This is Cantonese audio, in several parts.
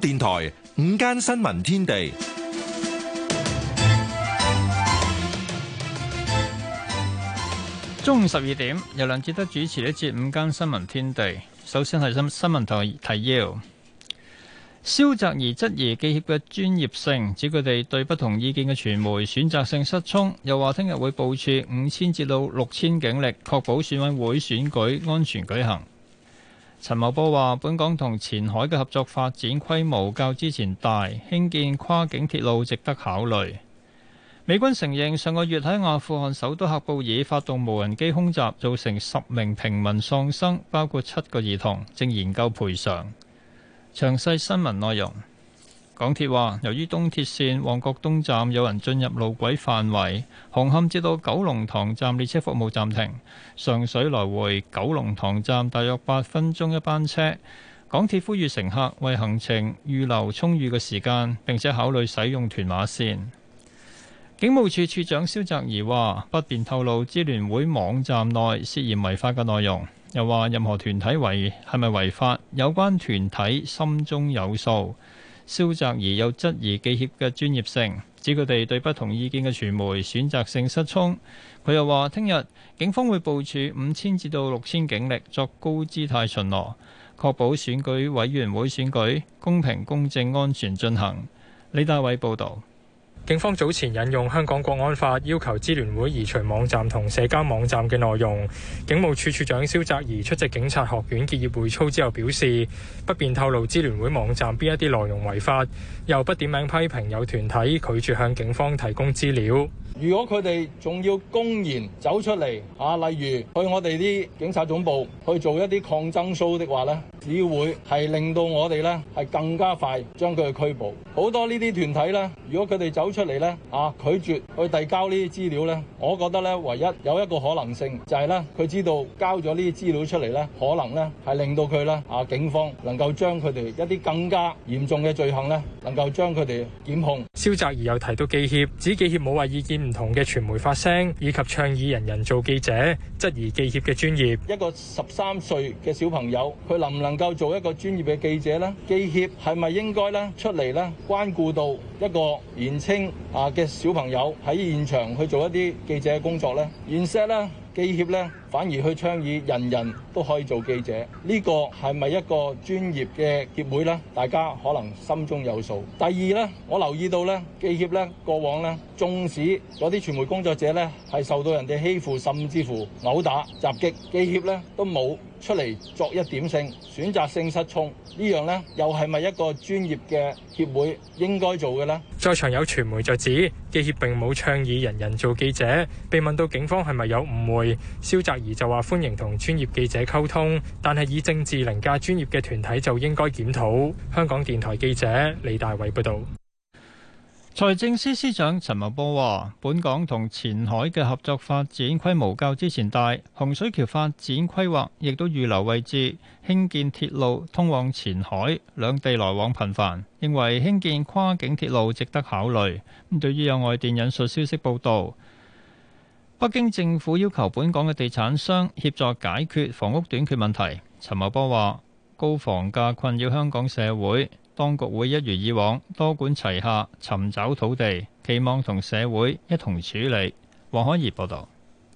電台午間新聞天地，中午十二點，由梁志德主持一節午間新聞天地。首先係新新聞台提要，蕭澤頤質疑記協嘅專業性，指佢哋對不同意見嘅傳媒選擇性失聰，又話聽日會部署五千至到六千警力，確保選委會選舉安全舉行。陳茂波話：本港同前海嘅合作發展規模較之前大，興建跨境鐵路值得考慮。美軍承認上個月喺阿富汗首都喀布爾發動無人機空襲，造成十名平民喪生，包括七個兒童，正研究賠償。詳細新聞內容。港鐵話，由於東鐵線旺角東站有人進入路軌範圍，紅磡至到九龍塘站列車服務暫停，上水來回九龍塘站大約八分鐘一班車。港鐵呼籲乘客為行程預留充裕嘅時間，並且考慮使用屯馬線。警務處處長蕭澤頤話：不便透露支聯會網站內涉嫌違法嘅內容。又話任何團體違係咪違法，有關團體心中有數。蕭澤頤又質疑記協嘅專業性，指佢哋對不同意見嘅傳媒選擇性失聰。佢又話：聽日警方會部署五千至到六千警力作高姿態巡邏，確保選舉委員會選舉公平、公正、安全進行。李大偉報導。警方早前引用香港國安法要求支聯會移除網站同社交網站嘅內容，警務處處長蕭澤頤出席警察學院結業會操之後表示，不便透露支聯會網站邊一啲內容違法，又不點名批評有團體拒絕向警方提供資料。如果佢哋仲要公然走出嚟啊，例如去我哋啲警察總部去做一啲抗爭 show 的話咧，只會係令到我哋咧係更加快將佢哋拘捕。好多呢啲團體咧，如果佢哋走出嚟咧啊，拒絕去遞交呢啲資料咧，我覺得咧唯一有一個可能性就係、是、咧，佢知道交咗呢啲資料出嚟咧，可能咧係令到佢咧啊警方能夠將佢哋一啲更加嚴重嘅罪行咧，能夠將佢哋檢控。蕭澤怡又提到記協指記協冇話意見。唔同嘅傳媒發聲，以及倡議人人做記者，質疑記協嘅專業。一個十三歲嘅小朋友，佢能唔能夠做一個專業嘅記者呢？記協係咪應該呢出嚟呢關顧到一個年青啊嘅小朋友喺現場去做一啲記者嘅工作呢？現實呢？記協咧反而去倡議人人都可以做記者，呢個係咪一個專業嘅協會呢？大家可能心中有數。第二咧，我留意到咧，記協咧過往咧，縱使嗰啲傳媒工作者咧係受到人哋欺負，甚至乎毆打、襲擊，記協咧都冇。出嚟作一點性選擇性失聰呢樣呢，又係咪一個專業嘅協會應該做嘅呢？在場有傳媒就指，記協並冇倡議人人做記者。被問到警方係咪有誤會，蕭澤頤就話歡迎同專業記者溝通，但係以政治凌駕專業嘅團體就應該檢討。香港電台記者李大偉報導。財政司司長陳茂波話，本港同前海嘅合作發展規模較之前大，洪水橋發展規劃亦都預留位置，興建鐵路通往前海，兩地來往頻繁，認為興建跨境鐵路值得考慮。咁對於有外電引述消息報道，北京政府要求本港嘅地產商協助解決房屋短缺問題。陳茂波話，高房價困擾香港社會。當局會一如以往多管齊下尋找土地，期望同社會一同處理。黃海怡報道。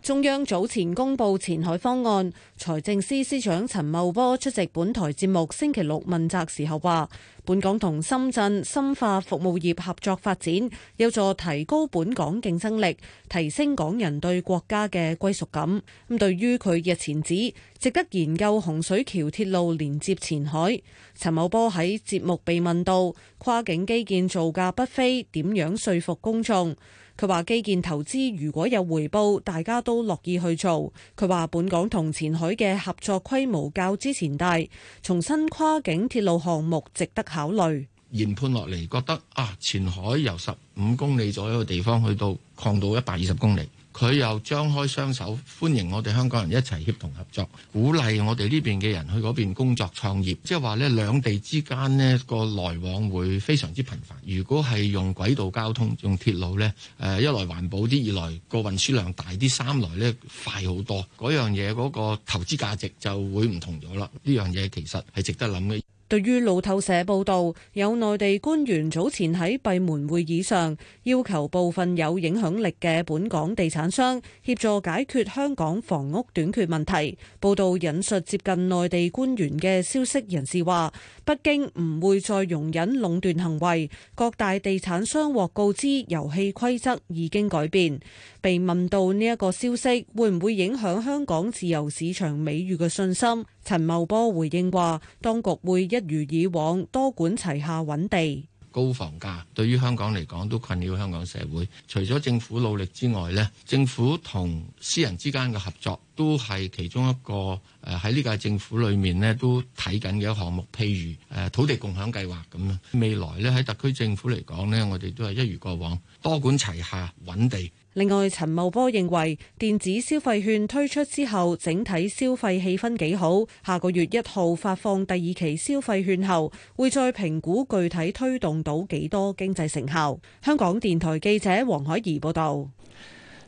中央早前公布前海方案，財政司司長陳茂波出席本台節目星期六問責時候話，本港同深圳深化服務業合作發展，有助提高本港競爭力，提升港人對國家嘅歸屬感。咁對於佢日前指值得研究洪水橋鐵路連接前海，陳茂波喺節目被問到跨境基建造價不菲，點樣說服公眾？佢話基建投資如果有回報，大家都樂意去做。佢話本港同前海嘅合作規模較之前大，重新跨境鐵路項目值得考慮。研判落嚟覺得啊，前海由十五公里左右嘅地方去到擴到一百二十公里。佢又張開雙手歡迎我哋香港人一齊協同合作，鼓勵我哋呢邊嘅人去嗰邊工作創業，即係話呢兩地之間呢個來往會非常之頻繁。如果係用軌道交通、用鐵路呢，誒、呃、一來環保啲，二來個運輸量大啲，三來呢快好多，嗰樣嘢嗰個投資價值就會唔同咗啦。呢樣嘢其實係值得諗嘅。對於路透社報道，有內地官員早前喺閉門會議上要求部分有影響力嘅本港地產商協助解決香港房屋短缺問題。報道引述接近內地官員嘅消息人士話：北京唔會再容忍壟斷行為，各大地產商獲告知遊戲規則已經改變。被問到呢一個消息會唔會影響香港自由市場美譽嘅信心，陳茂波回應話：當局會。一如以往，多管齊下揾地。高房價對於香港嚟講都困擾香港社會。除咗政府努力之外呢，政府同私人之間嘅合作都係其中一個誒喺呢屆政府裏面呢都睇緊嘅項目。譬如誒、呃、土地共享計劃咁啊。未來呢喺特區政府嚟講呢，我哋都係一如過往，多管齊下揾地。另外，陳茂波認為電子消費券推出之後，整體消費氣氛幾好。下個月一號發放第二期消費券後，會再評估具體推動到幾多經濟成效。香港電台記者黃海怡報導。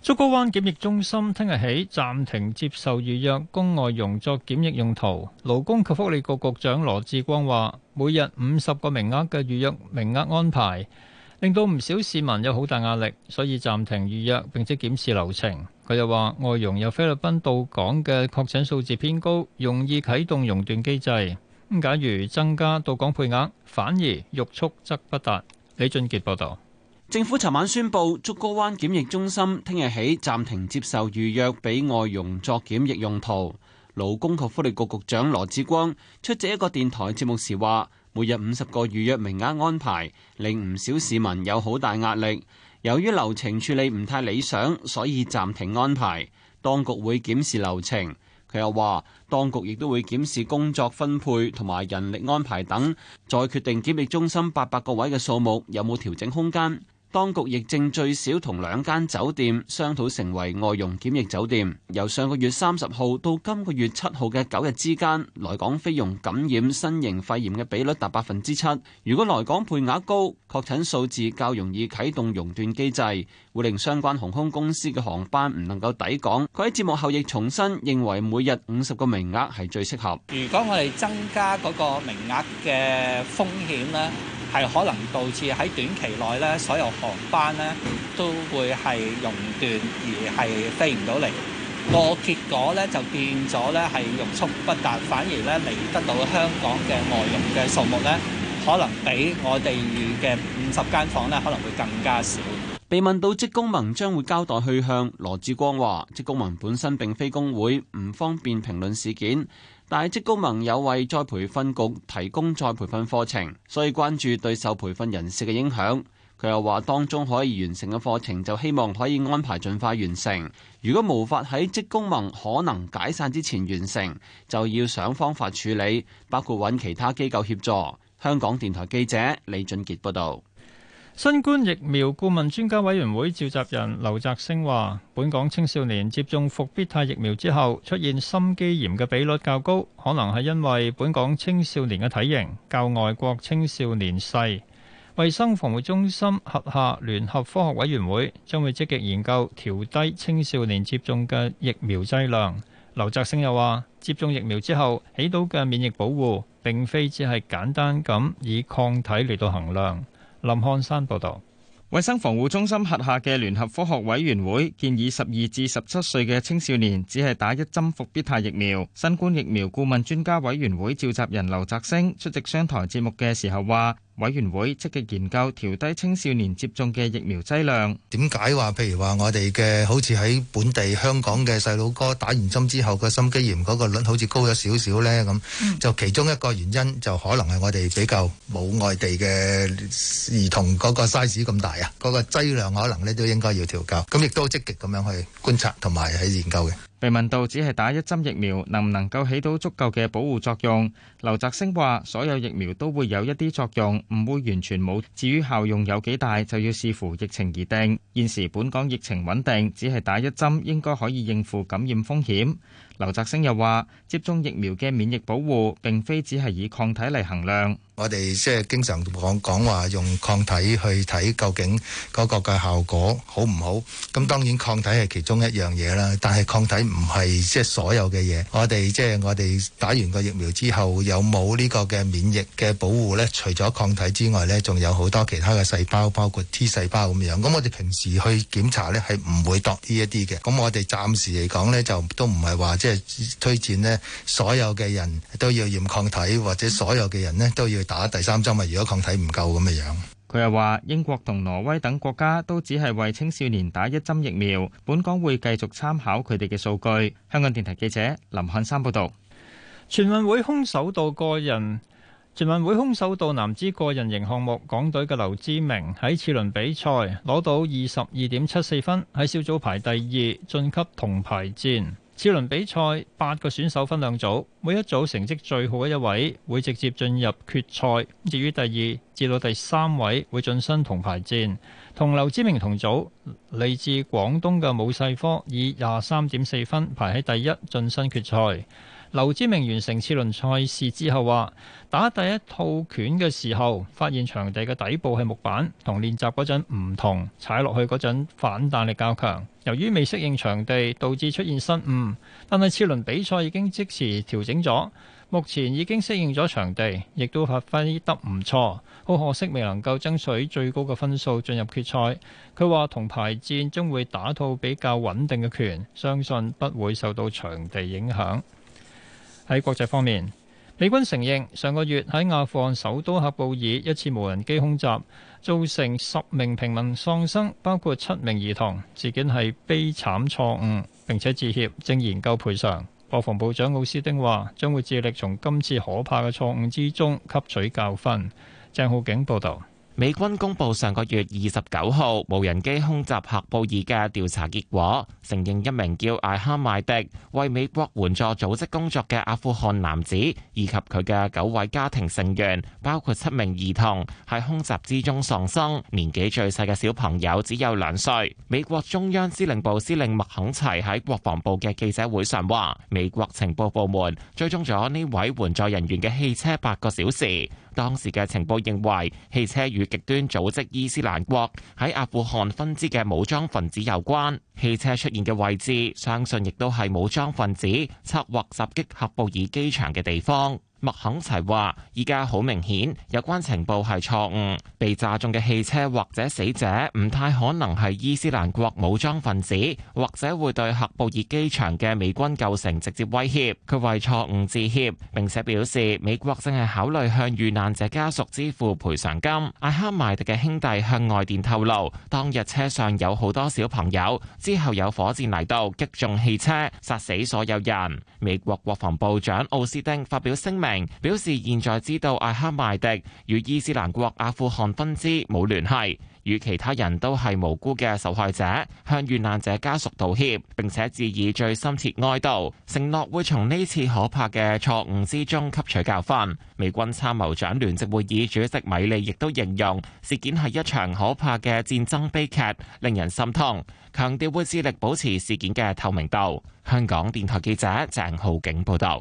竹篙灣檢疫中心聽日起暫停接受預約，供外傭作檢疫用途。勞工及福利局局長羅致光話：每日五十個名額嘅預約名額安排。令到唔少市民有好大壓力，所以暫停預約並且檢視流程。佢又話：外傭由菲律賓到港嘅確診數字偏高，容易啟動熔斷機制。假如增加到港配額，反而欲速則不達。李俊傑報道。政府尋晚宣布，竹篙灣檢疫中心聽日起暫停接受預約，俾外傭作檢疫用途。勞工及福利局局長羅志光出席一個電台節目時話。每日五十個預約名額安排，令唔少市民有好大壓力。由於流程處理唔太理想，所以暫停安排。當局會檢視流程，佢又話，當局亦都會檢視工作分配同埋人力安排等，再決定檢疫中心八百個位嘅數目有冇調整空間。當局亦正最少同兩間酒店商討成為外傭檢疫酒店，由上個月三十號到今個月七號嘅九日之間，來港菲傭感染新型肺炎嘅比率達百分之七。如果來港配額高，確診數字較容易啟動熔斷機制，會令相關航空公司嘅航班唔能夠抵港。佢喺節目後亦重申認為每日五十個名額係最適合。如果我哋增加嗰個名額嘅風險呢，係可能導致喺短期內呢所有。航班呢都會係熔斷，而係飛唔到嚟。個結果呢就變咗呢係欲速不達，反而呢嚟得到香港嘅內容嘅數目呢，可能比我哋嘅五十間房呢可能會更加少。被問到職工盟將會交代去向，羅志光話職工盟本身並非工會，唔方便評論事件，但係職工盟有為再培訓局提供再培訓課程，所以關注對受培訓人士嘅影響。佢又話：當中可以完成嘅課程，就希望可以安排盡快完成。如果無法喺職工盟可能解散之前完成，就要想方法處理，包括揾其他機構協助。香港電台記者李俊傑報道。新冠疫苗顧問專家委員會召集人劉澤星話：本港青少年接種復必泰疫苗之後出現心肌炎嘅比率較高，可能係因為本港青少年嘅體型較外國青少年細。衛生防護中心轄下聯合科學委員會將會積極研究調低青少年接種嘅疫苗劑量。劉澤星又話：接種疫苗之後起到嘅免疫保護並非只係簡單咁以抗體嚟到衡量。林漢山報導。衛生防護中心轄下嘅聯合科學委員會建議十二至十七歲嘅青少年只係打一針復必泰疫苗。新冠疫苗顧問專家委員會召集人劉澤星出席商台節目嘅時候話。委員會積極研究調低青少年接種嘅疫苗劑量。點解話，譬如話我哋嘅好似喺本地香港嘅細佬哥打完針之後個心肌炎嗰個率好似高咗少少呢？咁就其中一個原因就可能係我哋比較冇外地嘅兒童嗰個 size 咁大啊，嗰個劑量可能咧都應該要調校。咁亦都積極咁樣去觀察同埋去研究嘅。被問到只係打一針疫苗能唔能夠起到足夠嘅保護作用，劉澤星話：所有疫苗都會有一啲作用，唔會完全冇。至於效用有幾大，就要視乎疫情而定。現時本港疫情穩定，只係打一針應該可以應付感染風險。劉澤星又話，接種疫苗嘅免疫保護並非只係以抗體嚟衡量。我哋即係經常講講，話用抗體去睇究竟嗰個嘅效果好唔好？咁當然抗體係其中一樣嘢啦，但係抗體唔係即係所有嘅嘢。我哋即係我哋打完個疫苗之後有冇呢個嘅免疫嘅保護咧？除咗抗體之外咧，仲有好多其他嘅細胞，包括 T 細胞咁樣。咁我哋平時去檢查咧，係唔會度呢一啲嘅。咁我哋暫時嚟講咧就都唔係話即係推薦咧所有嘅人都要驗抗體，或者所有嘅人咧都要打第三針啊！如果抗體唔夠咁嘅樣，佢又話英國同挪威等國家都只係為青少年打一針疫苗，本港會繼續參考佢哋嘅數據。香港電台記者林漢山報道：全運會空手道個人，全運會空手道男子個人型項目,目，港隊嘅劉志明喺次輪比賽攞到二十二點七四分，喺小組排第二晉級銅牌戰。次輪比賽，八個選手分兩組，每一組成績最好嘅一位會直接進入決賽。至於第二、至到第三位會晉身銅牌戰。同劉志明同組，嚟自廣東嘅武世科以廿三點四分排喺第一，晉身決賽。劉志明完成次輪賽事之後話：打第一套拳嘅時候，發現場地嘅底部係木板，同練習嗰陣唔同，踩落去嗰陣反彈力較強。由於未適應場地，導致出現失誤。但係次輪比賽已經即時調整咗，目前已經適應咗場地，亦都發揮得唔錯。好可惜未能夠爭取最高嘅分數進入決賽。佢話同排戰將會打套比較穩定嘅拳，相信不會受到場地影響。喺國際方面，美軍承認上個月喺阿富汗首都喀布爾一次無人機空襲，造成十名平民喪生，包括七名兒童。事件係悲慘錯誤，並且致歉，正研究賠償。國防部長奧斯丁話將會致力從今次可怕嘅錯誤之中吸取教訓。鄭浩景報導。美軍公布上個月二十九號無人機空襲喀布爾嘅調查結果，承認一名叫艾哈邁迪為美國援助組織工作嘅阿富汗男子，以及佢嘅九位家庭成員，包括七名兒童喺空襲之中喪生，年紀最細嘅小朋友只有兩歲。美國中央司令部司令麥肯齊喺國防部嘅記者會上話，美國情報部門追蹤咗呢位援助人員嘅汽車八個小時。當時嘅情報認為，汽車與極端組織伊斯蘭國喺阿富汗分支嘅武裝分子有關。汽車出現嘅位置，相信亦都係武裝分子策劃襲，襲，襲擊喀布爾機場嘅地方。麥肯齊話：依家好明顯，有關情報係錯誤。被炸中嘅汽車或者死者唔太可能係伊斯蘭國武裝分子，或者會對喀布爾機場嘅美軍構成直接威脅。佢為錯誤致歉，並且表示美國正係考慮向遇難者家屬支付賠償金。艾哈邁迪嘅兄弟向外電透露，當日車上有好多小朋友，之後有火箭嚟到擊中汽車，殺死所有人。美國國防部長奧斯丁發表聲明。表示現在知道艾哈邁迪與伊斯蘭國阿富汗分支冇聯繫，與其他人都係無辜嘅受害者，向遇難者家屬道歉，並且致以最深切哀悼，承諾會從呢次可怕嘅錯誤之中吸取教訓。美軍參謀長聯席會議主席米利亦都形容事件係一場可怕嘅戰爭悲劇，令人心痛，強調會致力保持事件嘅透明度。香港電台記者鄭浩景報道。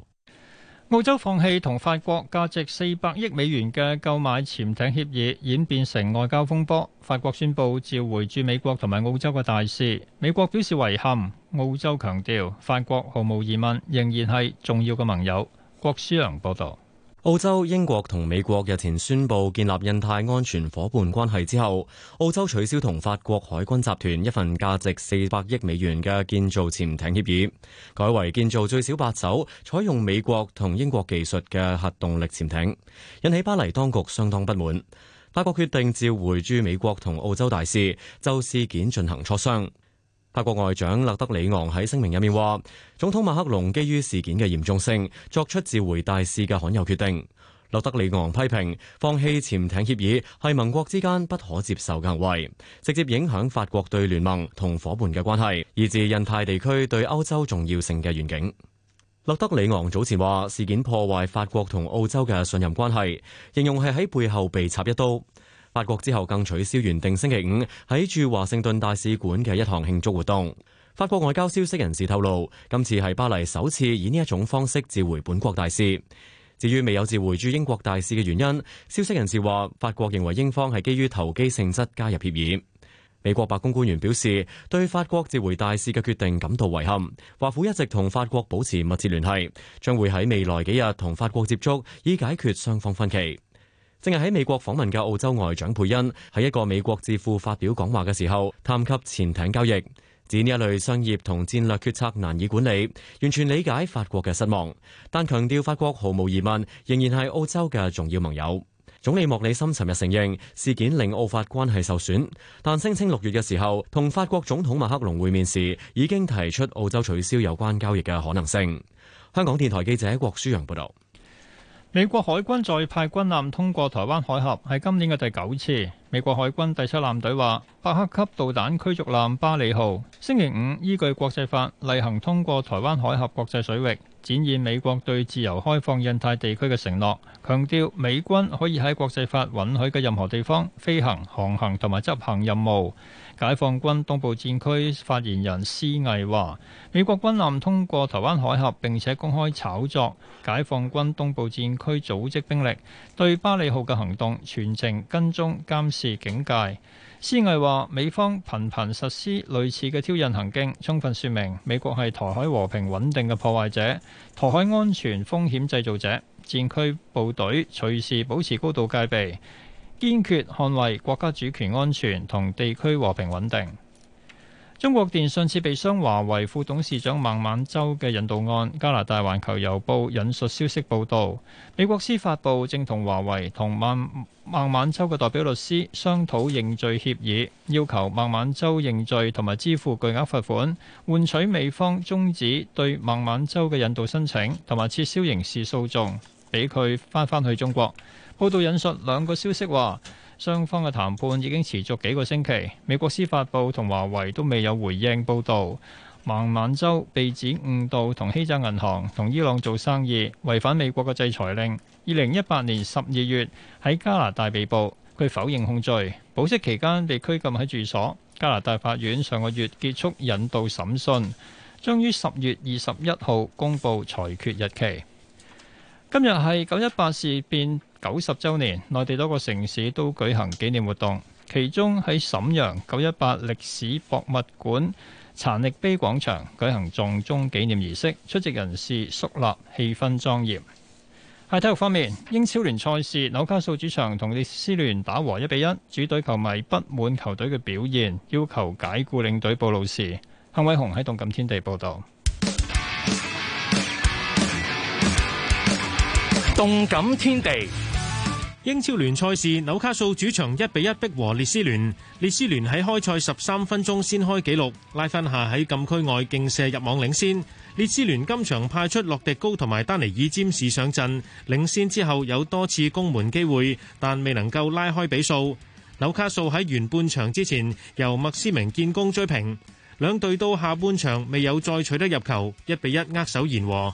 澳洲放棄同法國價值四百億美元嘅購買潛艇協議，演變成外交風波。法國宣布召回駐美國同埋澳洲嘅大使。美國表示遺憾，澳洲強調法國毫無疑問仍然係重要嘅盟友。郭書良報道。澳洲、英國同美國日前宣布建立印太安全伙伴關係之後，澳洲取消同法國海軍集團一份價值四百億美元嘅建造潛艇協議，改為建造最少八艘採用美國同英國技術嘅核動力潛艇，引起巴黎當局相當不滿。法國決定召回駐美國同澳洲大使，就事件進行磋商。法國外長勒德里昂喺聲明入面話，總統馬克龍基於事件嘅嚴重性，作出召回大使嘅罕有決定。勒德里昂批評放棄潛艇協議係盟國之間不可接受嘅行為，直接影響法國對聯盟同伙伴嘅關係，以至印太地區對歐洲重要性嘅願景。勒德里昂早前話事件破壞法國同澳洲嘅信任關係，形容係喺背後被插一刀。法國之後更取消原定星期五喺駐華盛頓大使館嘅一項慶祝活動。法國外交消息人士透露，今次係巴黎首次以呢一種方式召回本國大使。至於未有召回駐英國大使嘅原因，消息人士話法國認為英方係基於投機性質加入協議。美國白宮官員表示，對法國召回大使嘅決定感到遺憾。華府一直同法國保持密切聯繫，將會喺未來幾日同法國接觸，以解決雙方分歧。正係喺美國訪問嘅澳洲外長佩恩喺一個美國智庫發表講話嘅時候，談及潛艇交易，指呢一類商業同戰略決策難以管理，完全理解法國嘅失望，但強調法國毫無疑問仍然係澳洲嘅重要盟友。總理莫里森尋日承認事件令澳法關係受損，但聲稱六月嘅時候同法國總統馬克龍會面時，已經提出澳洲取消有關交易嘅可能性。香港電台記者郭舒陽報道。美國海軍再派軍艦通過台灣海峽，係今年嘅第九次。美國海軍第七艦隊話，伯克級導彈驅逐艦巴里號星期五依據國際法例行通過台灣海峽國際水域，展現美國對自由開放印太地區嘅承諾，強調美軍可以喺國際法允許嘅任何地方飛行、航行同埋執行任務。解放軍東部戰區發言人施毅話：美國軍艦通過台灣海峽並且公開炒作，解放軍東部戰區組織兵力對巴里號嘅行動全程跟蹤監視警戒。施毅話：美方頻頻實施類似嘅挑釁行徑，充分說明美國係台海和平穩定嘅破壞者，台海安全風險製造者。戰區部隊隨時保持高度戒備。堅決捍衛國家主權安全同地區和平穩定。中國電信設備商華為副董事長孟晚舟嘅引渡案，加拿大環球郵報引述消息報道，美國司法部正同華為同孟孟晚舟嘅代表律師商討認罪協議，要求孟晚舟認罪同埋支付巨額罰款，換取美方終止對孟晚舟嘅引渡申請同埋撤銷刑事訴訟，俾佢返返去中國。報道引述兩個消息，話雙方嘅談判已經持續幾個星期。美國司法部同華為都未有回應報道。孟晚舟被指誤導同欺詐銀行，同伊朗做生意，違反美國嘅制裁令。二零一八年十二月喺加拿大被捕，佢否認控罪。保釋期間被拘禁喺住所。加拿大法院上個月結束引渡審訊，將於十月二十一號公佈裁決日期。今日係九一八事變。九十周年，內地多個城市都舉行紀念活動。其中喺沈陽，九一八歷史博物館殘曆碑廣場舉行撞鐘紀念儀式，出席人士肅立，氣氛莊嚴。喺體育方面，英超聯賽事紐卡素主場同列斯聯打和一比一，1，主隊球迷不滿球隊嘅表現，要求解雇領隊布魯士。幸偉雄喺動感天地報道。動感天地，報導動感天地。英超聯賽事紐卡素主場一比一逼和列斯聯，列斯聯喺開賽十三分鐘先開紀錄，拉芬夏喺禁區外勁射入網領先。列斯聯今場派出洛迪高同埋丹尼爾占士上陣，領先之後有多次攻門機會，但未能夠拉開比數。紐卡素喺完半場之前由麥斯明建功追平，兩隊到下半場未有再取得入球，一比一握手言和。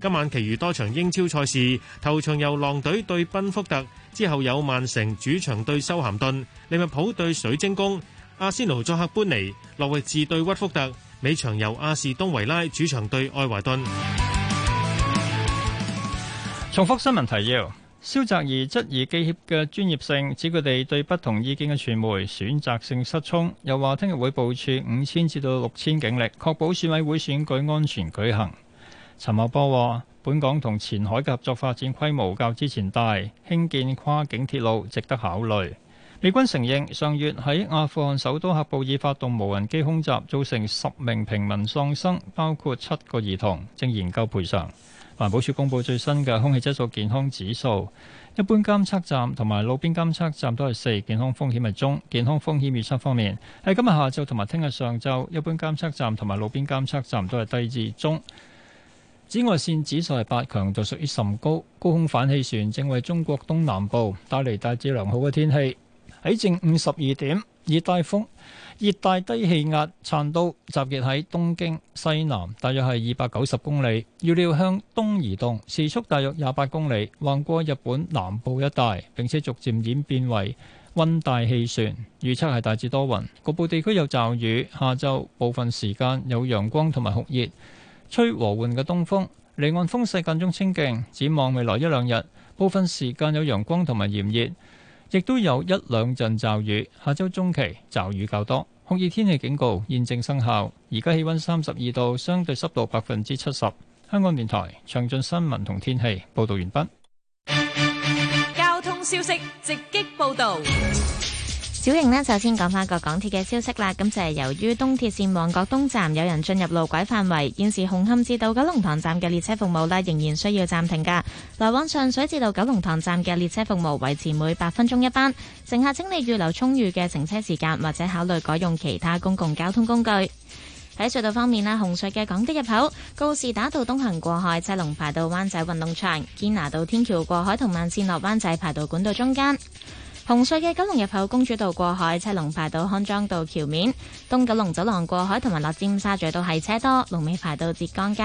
今晚其餘多場英超賽事，頭場由狼隊對賓福特，之後有曼城主場對修咸頓，利物浦對水晶宮，阿仙奴作客搬尼，諾域治對屈福特。尾場由阿士東維拉主場對愛華頓。重複新聞提要：蕭澤頤質疑記協嘅專業性，指佢哋對不同意見嘅傳媒選擇性失聰，又話聽日會部署五千至到六千警力，確保選委會選舉安全舉行。陳茂波話，本港同前海合作發展，規模較之前大，興建跨境鐵路值得考慮。美軍承認上月喺阿富汗首都喀布爾發動無人機空襲，造成十名平民喪生，包括七個兒童，正研究賠償。環保署公布最新嘅空氣質素健康指數，一般監測站同埋路邊監測站都係四，健康風險係中。健康風險預測方面，喺今日下晝同埋聽日上晝，一般監測站同埋路邊監測站都係低至中。紫外線指數係八強，就屬於甚高。高空反氣旋正為中國東南部帶嚟大致良好嘅天氣，喺正午十二點，熱帶風熱帶低氣壓燦都集結喺東京西南，大約係二百九十公里，預料向東移動，時速大約廿八公里，橫過日本南部一帶，並且逐漸演變，變為溫帶氣旋，預測係大致多雲，局部地區有驟雨，下晝部分時間有陽光同埋酷熱。吹和緩嘅東風，離岸風勢間中清勁。展望未來一兩日，部分時間有陽光同埋炎熱，亦都有一兩陣驟雨。下周中期驟雨較多，酷熱天氣警告現正生效。而家氣温三十二度，相對濕度百分之七十。香港電台詳盡新聞同天氣報道完畢。交通消息直擊報道。小瑩呢，首先講翻個港鐵嘅消息啦。咁就係由於東鐵線旺角東站有人進入路軌範圍，現時紅磡至到九龍塘站嘅列車服務啦，仍然需要暫停噶。來往上水至到九龍塘站嘅列車服務維持每八分鐘一班，乘客請你預留充裕嘅乘車時間，或者考慮改用其他公共交通工具。喺隧道方面咧，紅隧嘅港島入口告士打道東行過海，車龍排到灣仔運動場、堅拿道天橋過海同慢線落灣仔排道管道中間。紅隧嘅九龍入口公主道過海，車龍排到康莊道橋面；東九龍走廊過海同埋落尖沙咀都係車多，龍尾排到浙江街。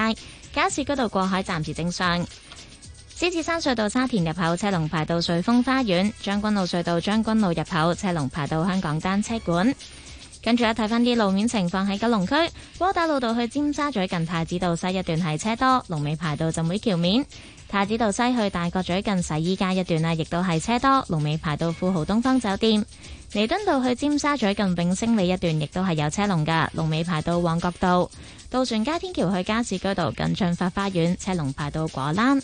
加士居道過海暫時正常。獅子山隧道沙田入口車龍排到瑞豐花園，將軍澳隧道將軍澳入口車龍排到香港單車館。跟住一睇翻啲路面情況喺九龍區，窩打老道去尖沙咀近太子道西一段係車多，龍尾排到浸會橋面。太子道西去大角咀近洗衣街一段啊，亦都係車多，龍尾排到富豪東方酒店。彌敦道去尖沙咀近永星里一段，亦都係有車龍噶，龍尾排到旺角道。渡船街天橋去加士居道近駿發花園，車龍排到果欄。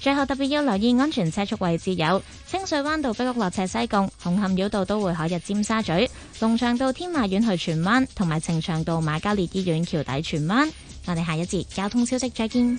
最後特別要留意安全車速位置有清水灣道壁屋落斜西貢、紅磡繞道都會海逸入尖沙咀、龍翔道天馬苑去荃灣，同埋呈祥道瑪嘉烈醫院橋底荃灣。我哋下一節交通消息再見。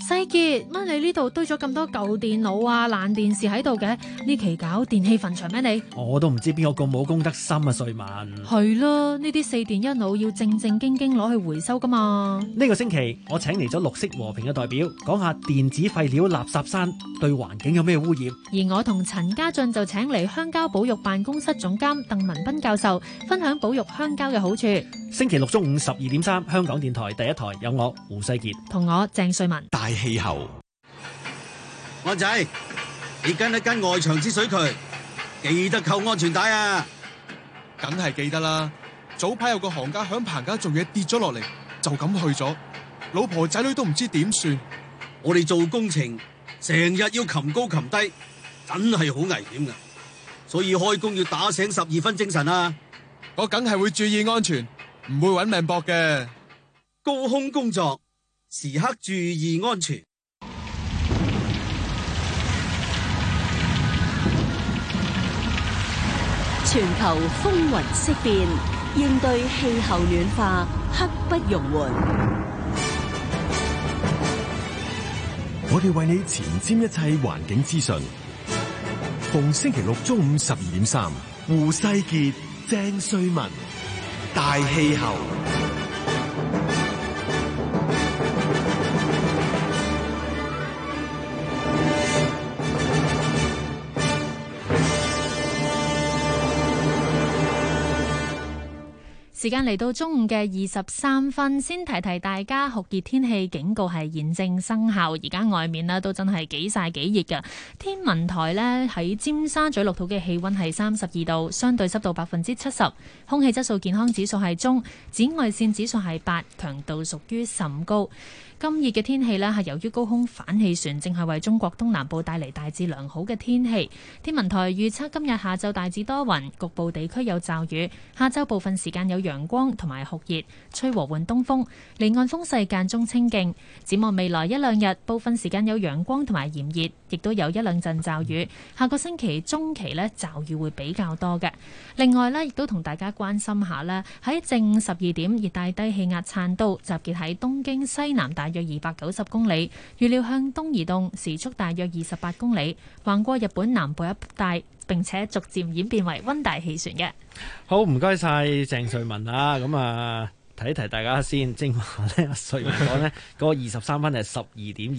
細杰，乜你呢度堆咗咁多舊電腦啊、爛電視喺度嘅？呢期搞電器墳場咩你？我都唔知邊個咁冇公德心啊！瑞文係啦，呢啲四電一腦要正正經經攞去回收噶嘛。呢個星期我請嚟咗綠色和平嘅代表，講下電子廢料垃圾山對環境有咩污染。而我同陳家俊就請嚟香蕉保育辦公室總監鄧文斌教授，分享保育香蕉嘅好處。星期六中午十二點三，香港電台第一台有我胡世杰同我鄭瑞文。大氣候，安仔，你跟一跟外牆之水渠，記得扣安全帶啊！梗係記得啦。早排有個行家響棚架做嘢跌咗落嚟，就咁去咗，老婆仔女都唔知點算。我哋做工程，成日要擒高擒低，真係好危險噶。所以開工要打醒十二分精神啊！我梗係會注意安全。唔會揾命搏嘅高空工作，時刻注意安全。全球風雲色變，應對氣候暖化，刻不容緩。我哋為你前瞻一切環境資訊，逢星期六中午十二點三，胡世傑、鄭瑞文。大氣候。時間嚟到中午嘅二十三分，先提提大家，酷熱天氣警告係現正生效。而家外面咧都真係幾曬幾熱嘅。天文台咧喺尖沙咀錄得嘅氣溫係三十二度，相對濕度百分之七十，空氣質素健康指數係中，紫外線指數係八，強度屬於甚高。今熱嘅天氣咧係由於高空反氣旋正係為中國東南部帶嚟大致良好嘅天氣。天文台預測今日下晝大致多雲，局部地區有驟雨，下晝部分時間有陽。陽光同埋酷熱，吹和緩東風，離岸風勢間中清勁。展望未來一兩日，部分時間有陽光同埋炎熱，亦都有一兩陣驟雨。下個星期中期呢，驟雨會比較多嘅。另外咧，亦都同大家關心下咧，喺正午十二點，熱帶、熱帶低氣壓燦都集結喺東京西南大約二百九十公里，預料向東移動，時速大約二十八公里，橫過日本南部一帶。並且逐漸演變為溫帶氣旋嘅。好，唔該晒鄭瑞文啊。咁啊，提提大家先，正話咧，阿、啊、瑞文講咧，嗰個二十三分係十二點。